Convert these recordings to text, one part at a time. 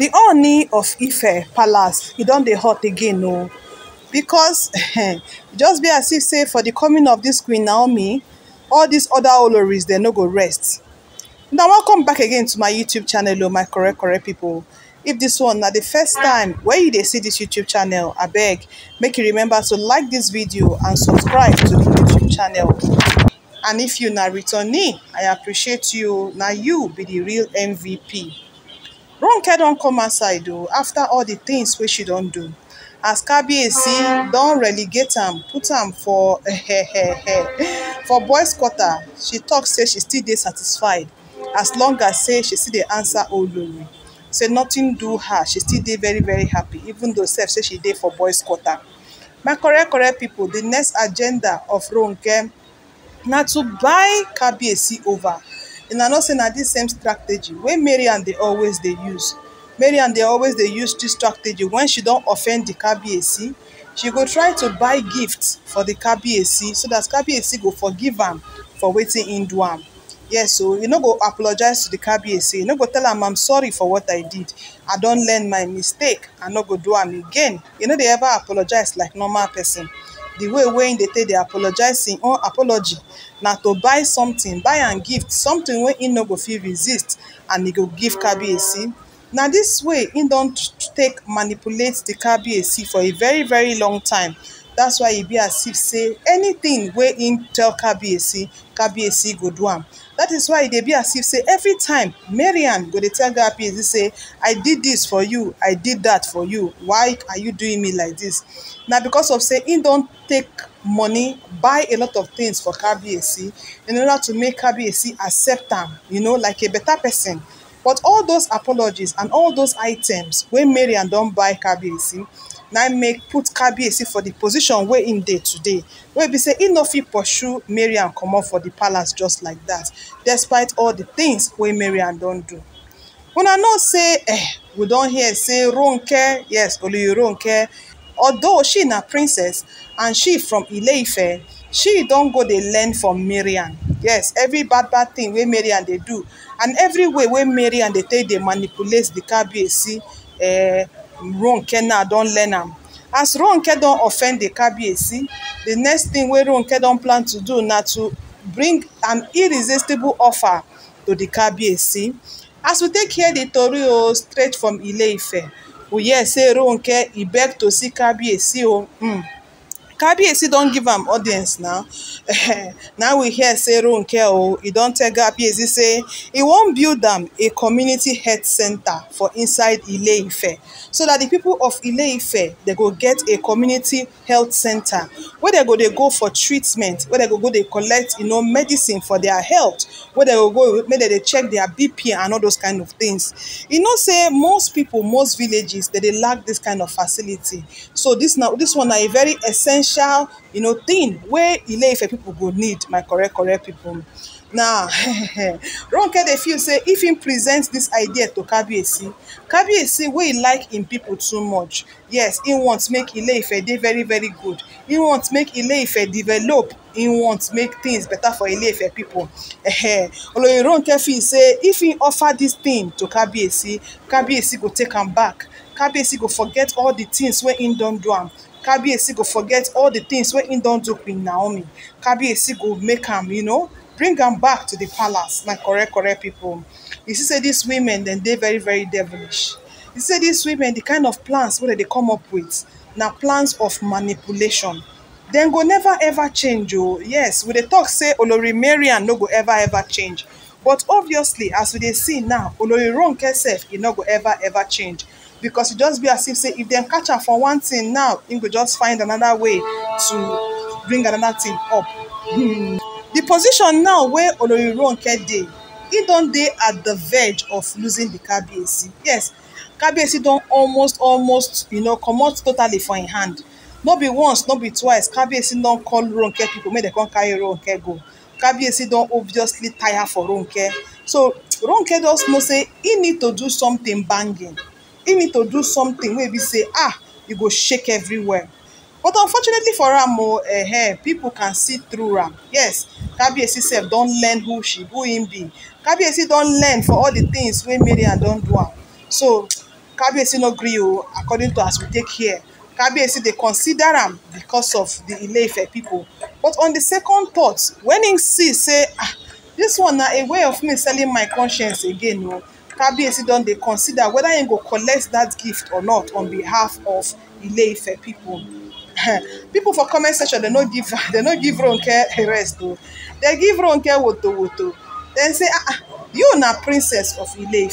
the honey of ife palace e don dey hot again o because eh, just be as if say for the coming of this queen naomi all these other oloris dem no go rest na welcome back again to my youtube channel o my correct correct people. if this one na the first time wey you dey see this youtube channel abeg make you remember to like this video and subscribe to the youtube channel and if you na returnee i appreciate you na you be the real mvp ronke don come outside o oh, After all the things wey she don't do as kabiyesi don't relegate am put am for for boys quarter she talks say she still dey satisfied as long as say she still dey answer olori say nothing do her she still dey very very happy even though sef say she dey for boys quarter my correct correct people, the next agenda of ronke na to buy kabiyesi over una know say na dis same strategy wey marian dey always dey use marian dey always dey use this strategy When she don offend di kabiyesi she go try to buy gift for di kabiyesi so dat kabiyesi go forgive am for wetin im do am yes so you no go apologize to di kabiyesi you no go tell am i'm sorry for what i did i don learn my mistake i no go do am again you no dey ever apologize like normal person The way wey im dey take dey apologise im own apology na to buy something buy am gift something wey he no go fit resist and he go give kabiyesi na this way he don take manipulate the kabiyesi for a very very long time that's why e be as if say anything wey im tell kabiyesi kabiyesi go do am That is why e dey be as if say every time marian go dey tell gabi e say i did this for you i did that for you why are you doing me like this? na because of say im don take money buy a lot of things for kabiyesi e in order to make kabiyesi e accept am you know like a better person but all those apologies and all those items wey marian don buy kabiyesi na make put kabiyesi for di position wey im dey today wey be say im e no fit pursue mariam comot for di palace just like dat despite all di tins wey mariam don do una know say eh we don hear say ronke yes oloyoronke although she na princess and she from ileife she don go dey learn from mariam yes every bad bad thing wey mariam dey do and every way wey mariam dey take dey manipulate di kabiyesi eh ronke now don learn am as ronke don offend the kabiyesi the next thing where ronke don plan to do na to bring an irresistible offer to the kabiyesi as we take hear the tori o straight from ile ife we hear say ronke e beg to see kabiyesi o. Mm. P S C don't give them audience now now we hear say he don't tell kabiyesi say won't build them a community health center for inside ile-ife so that the people of ile-ife they go get a community health center where they go they go for treatment where they go go they collect you know medicine for their health where they go go maybe they check their bp and all those kind of things you know say most people most villages they, they lack this kind of facility so this one are a very essential essential you know thing wey ile ife pipo go need my correct correct people. now ronke dey feel say if im present dis idea to kabiyesi kabiyesi wey e like im pipo too much yes im want make ile ife dey very very good im want make ile ife develop im want make things better for ile ife pipo oloye ronke feel say if im offer dis thing to kabiyesi kabiyesi go take am back kabiyesi go forget all the things wey im don do am kabiyesi go forget all the things wey im don do queen naomi kabiyesi go make am you know bring am back to the palace na correct correct people. you see say these women dem dey very very devilish you see say dis women the kind of plans wey dem dey come up with na plans of manipulation dem go never ever change o oh. yes we dey talk say olori marian no go ever ever change but obviously as we dey see now olori ronke sef e no go ever ever change because e just be as if say if dem catch am for one thing now im go just find another way to bring another thing up hmm di position now wey olorirunke dey e don dey at the verge of losing the kabiyesi yes kabiyesi don almost almost you know comot totally for im hand no be once no be twice kabiyesi don call ronke people make dem come carry ronke go kabiyesi don obviously tire for ronke so ronke just know say e need to do something banging e need to do something wey be say ah e go shake everywhere but unfortunately for am o oh, eh, people can see through am yes kabiyesi sef don learn who she who im be kabiyesi don learn for all di tins wey mariam don do am so kabiyesi no gree o oh, according to as we take hear kabiyesi dey consider am because of the ileife people. but on the second thought wen im see say ah this one na a way of me selling my conscience again o oh, kabiyesi don dey consider whether im go collect dat gift or not on behalf of ile-ife pipo pipo for comment section dem no give dem no give ronke rest o dem give ronke wotowoto dem say ah ah you na princess of ile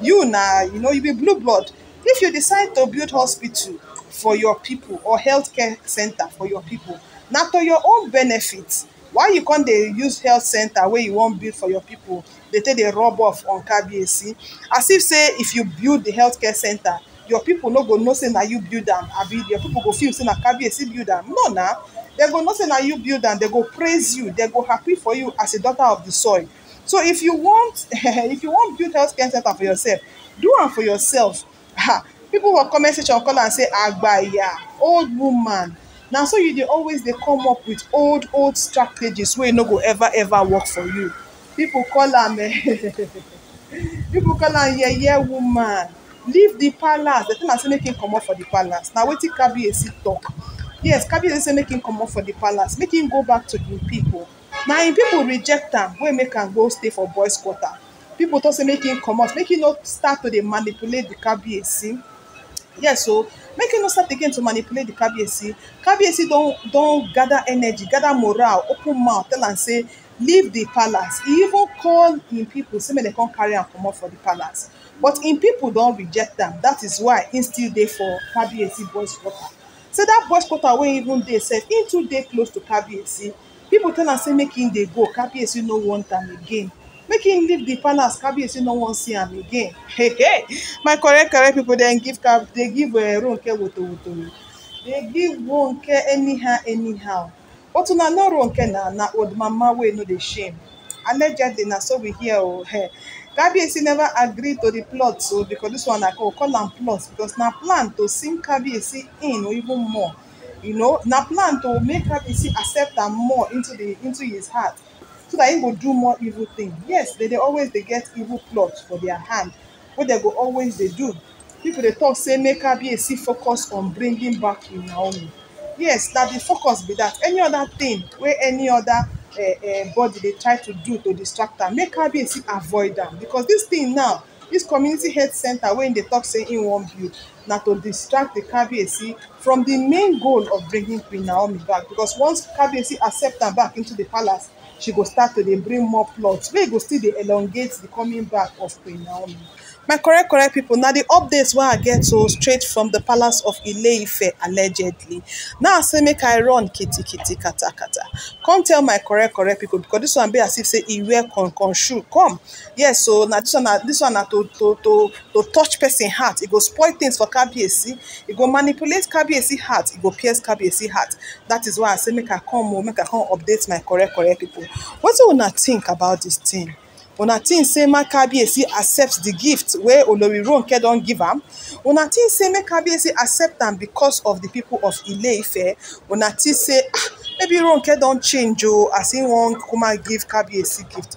you na you know you be blue blood if you decide to build hospital for your pipo or healthcare centre for your pipo na to your own benefit why you come dey use health center wey you wan build for your people dey take dey rub off on kabiyesi as if say if you build the healthcare center your people no go know say na you build am abi your people go feel say na kabiyesi build am no na dem go know say na you build am dem go praise you dem go happy for you as a daughter of the soil so if you want if you want build healthcare center for yourself do am for yourself ha people for comment section call am say agbaya old woman na so you dey always dey come up with old old strategies wey no go ever ever work for you people call am people call am yeye woman leave the palace the thing na say make him comot for the palace na wetin kabiyesi talk yes kabiyesi say make him comot for the palace make him go back to him people na him people reject am wey make am go stay for boys quarter people talk say make him comot make him no start to dey manipulate the kabiyesi yes o so, make you no start again to manipulate the kabiyesi kabiyesi don don gather energy gather morale open mouth tell am say leave the palace e even call im people say make dem come carry am comot for the palace but im people don reject am that is why im still dey for kabiyesi boys quarter say that boys quarter wey even dey sef im too dey close to kabiyesi people tell am say make im dey go kabiyesi no want am again make him leave di palace kabiyesi no wan see am again hey, hey. my correct correct people dem give cab dey give uh, eh, ronke wotowoto dey give ronke anyhow anyhow but una no ronke na na old mama wey no dey shame allegedly na so we hear o oh, hey. kabiyesi never agree to the plot o so, because this one i call call am plot because na plan to sink kabiyesi in or even more you know na plan to make kabiyesi accept am more into the into his heart so that im go do more evil thing yes they dey always dey get evil plot for their hand wey dem go always dey do people dey talk say make kabiyesi focus on bringing back im naomi yes na the focus be that any other thing wey any other uh, uh, body dey try to do to distract am make kabiyesi avoid am because this thing now dis community health center wey im dey tok say im wan build na to distract the kabiyesi from the main goal of bringing queen naomi back because once kabiyesi accept am back into the palace she go start to dey bring more plots wey go still dey elongate the coming back of queen naomi my correct correct people. Now the updates where i get so oh, straight from the palace of ileife allegedly now say make i run kiti kiti kata kata come tell my correct correct people because this one be as if say e wear con shoe come yes so oh, now this one na to to to to touch person heart It e go spoil things for kabiyesi It go manipulate kabiyesi heart It e go pierce kabiyesi heart that is why i say make i come more. Oh, make i come update my correct correct people. pipo wetin una think about this thing una think say make kabiyesi accept the gift wey olori ronke don give am una think say make kabiyesi accept am because of the people of ile-ife una think say ah maybe ronke don change o as im wan kuma give kabiyesi gift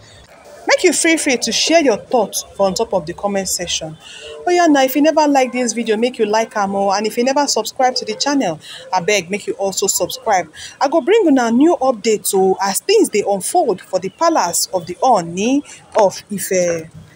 make you feel free to share your thoughts on top of the comment section oh yeah now if you never like this video make you like her oh. more and if you never subscribe to the channel i beg make you also subscribe i go bring a new update o oh, as things they unfold for the palace of the Ooni of Ife